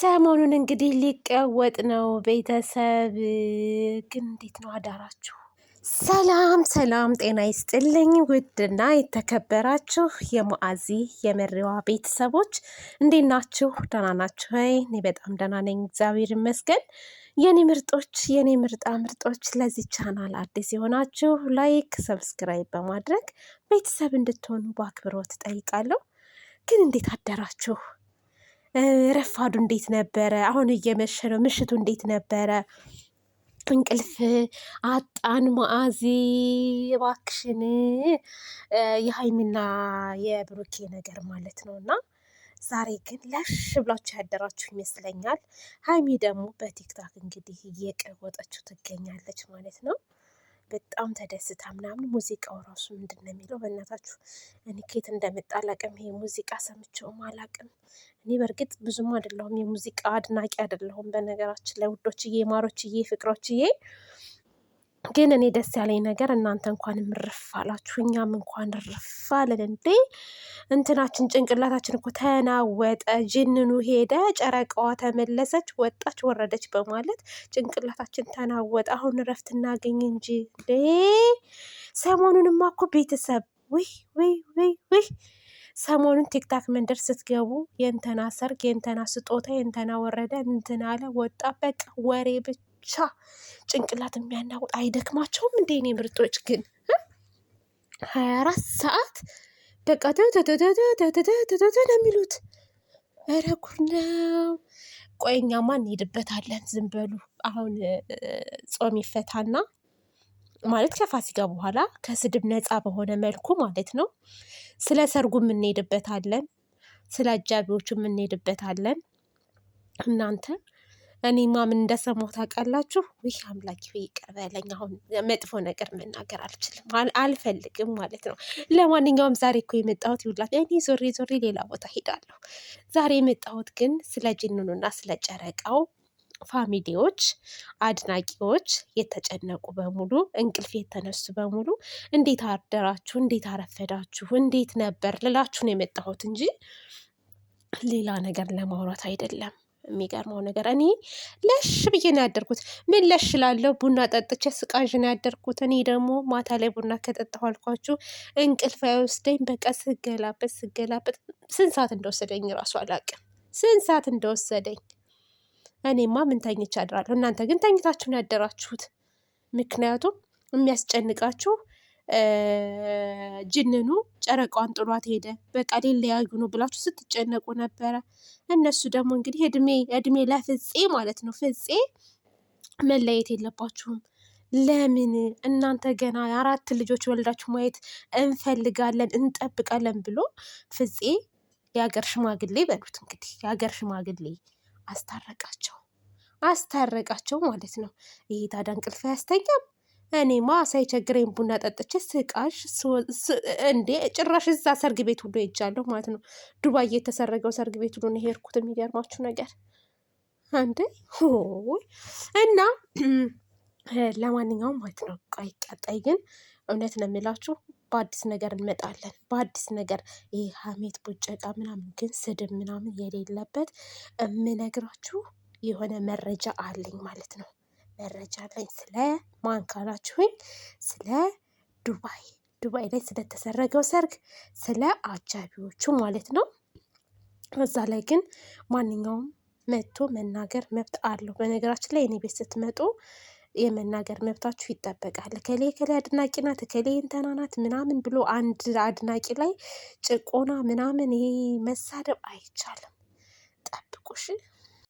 ሰሞኑን እንግዲህ ሊቀወጥ ነው ቤተሰብ። ግን እንዴት ነው አዳራችሁ? ሰላም ሰላም፣ ጤና ይስጥልኝ ውድና የተከበራችሁ የሙአዚ የመሪዋ ቤተሰቦች እንዴት ናችሁ? ደህና ናችሁ ወይ? እኔ በጣም ደህና ነኝ፣ እግዚአብሔር ይመስገን። የኔ ምርጦች፣ የኔ ምርጣ ምርጦች፣ ለዚህ ቻናል አዲስ የሆናችሁ ላይክ፣ ሰብስክራይብ በማድረግ ቤተሰብ እንድትሆኑ በአክብሮት ጠይቃለሁ። ግን እንዴት አደራችሁ? ረፋዱ እንዴት ነበረ? አሁን እየመሸ ነው። ምሽቱ እንዴት ነበረ? እንቅልፍ አጣን። ማአዚ እባክሽን የሀይሚና የብሩኬ ነገር ማለት ነው እና ዛሬ ግን ለሽ ብላችሁ ያደራችሁ ይመስለኛል። ሀይሚ ደግሞ በቲክታክ እንግዲህ እየቀወጠችው ትገኛለች ማለት ነው። በጣም ተደስታ ምናምን ሙዚቃው ራሱ ምንድን ነው የሚለው በእናታችሁ እኔ ከየት እንደመጣ አላቅም። ይሄ ሙዚቃ ሰምቼውም አላቅም። እኔ በእርግጥ ብዙም አይደለሁም የሙዚቃ አድናቂ አይደለሁም። በነገራችን ላይ ውዶችዬ፣ ማሮችዬ፣ ፍቅሮችዬ ግን እኔ ደስ ያለኝ ነገር እናንተ እንኳን ምርፍ አላችሁ፣ እኛም እንኳን ርፍ አለን። እንዴ እንትናችን ጭንቅላታችን እኮ ተናወጠ፣ ጅንኑ ሄደ፣ ጨረቃዋ ተመለሰች፣ ወጣች፣ ወረደች በማለት ጭንቅላታችን ተናወጠ። አሁን እረፍት እናገኝ እንጂ እንዴ ሰሞኑንማ እኮ ቤተሰብ ውይ ውይ ውይ ውይ ሰሞኑን ቲክታክ መንደር ስትገቡ የእንተና ሰርግ፣ የእንተና ስጦታ፣ የእንተና ወረደ፣ እንትና አለ ወጣ፣ በቃ ወሬ ብቻ ብቻ ጭንቅላት የሚያናውጥ አይደክማቸውም እንዴ? እኔ ምርጦች ግን ሀያ አራት ሰዓት በቃ ተተተተተተተተተ ነው የሚሉት። ኧረ ጉድ ነው። ቆይ እንሄድበታለን። ዝም በሉ አሁን ጾም ይፈታና ማለት ከፋሲካ በኋላ ከስድብ ነፃ በሆነ መልኩ ማለት ነው። ስለ ሰርጉ የምንሄድበታለን፣ ስለ አጃቢዎቹ የምንሄድበታለን። እናንተ እኔማ ምን እንደሰማሁ ታውቃላችሁ? ይህ አምላኪ ይቅር በለኝ። አሁን መጥፎ ነገር መናገር አልችልም፣ አልፈልግም ማለት ነው። ለማንኛውም ዛሬ እኮ የመጣሁት ይውላችሁ፣ እኔ ዞሬ ዞሬ ሌላ ቦታ ሄዳለሁ። ዛሬ የመጣሁት ግን ስለ ጅንኑና ስለ ጨረቃው ፋሚሊዎች አድናቂዎች የተጨነቁ በሙሉ እንቅልፍ የተነሱ በሙሉ እንዴት አደራችሁ፣ እንዴት አረፈዳችሁ፣ እንዴት ነበር ልላችሁ ነው የመጣሁት እንጂ ሌላ ነገር ለማውራት አይደለም። የሚገርመው ነገር እኔ ለሽ ብዬ ነው ያደርኩት። ምን ለሽ ላለው ቡና ጠጥቼ ስቃዥ ነው ያደርኩት። እኔ ደግሞ ማታ ላይ ቡና ከጠጣሁ አልኳችሁ እንቅልፍ አይወስደኝ። በቃ ስገላበት ስገላበት ስንት ሰዓት እንደወሰደኝ ራሱ አላውቅም። ስንት ሰዓት እንደወሰደኝ እኔማ ምን ተኝቼ አድራለሁ። እናንተ ግን ተኝታችሁ ነው ያደራችሁት። ምክንያቱም የሚያስጨንቃችሁ ጅንኑ ጨረቃዋን ጥሏት ሄደ፣ በቃ ሊለያዩ ነው ብላችሁ ስትጨነቁ ነበረ። እነሱ ደግሞ እንግዲህ እድሜ እድሜ ለፍፄ ማለት ነው። ፍፄ መለየት የለባችሁም። ለምን እናንተ ገና አራት ልጆች ወልዳችሁ ማየት እንፈልጋለን እንጠብቃለን ብሎ ፍፄ የሀገር ሽማግሌ በሉት እንግዲህ የሀገር ሽማግሌ አስታረቃቸው አስታረቃቸው ማለት ነው። ይሄ ታዲያ እንቅልፍ አያስተኛም። እኔማ ሳይቸግረኝ ቡና ጠጥቼ ስቃሽ እንዴ! ጭራሽ እዛ ሰርግ ቤት ሁሉ ሄጃለሁ ማለት ነው። ዱባይ የተሰረገው ሰርግ ቤት ሁሉ ነው የሚገርማችሁ ነገር አንዴ እና ለማንኛውም ማለት ነው ቆይ ቀጣይ ግን እውነት ነው የሚላችሁ በአዲስ ነገር እንመጣለን። በአዲስ ነገር ይህ ሀሜት ቡጨቃ ምናምን ግን ስድብ ምናምን የሌለበት የምነግራችሁ የሆነ መረጃ አለኝ ማለት ነው። መረጃ አለኝ። ስለ ማን ካላችሁኝ፣ ስለ ዱባይ ዱባይ ላይ ስለተሰረገው ሰርግ፣ ስለ አጃቢዎቹ ማለት ነው። እዛ ላይ ግን ማንኛውም መጥቶ መናገር መብት አለው። በነገራችን ላይ እኔ ቤት ስትመጡ የመናገር መብታችሁ ይጠበቃል። እከሌ እከሌ አድናቂ ናት፣ እከሌ እንትና ናት ምናምን ብሎ አንድ አድናቂ ላይ ጭቆና ምናምን ይሄ መሳደብ አይቻልም። ጠብቁሽ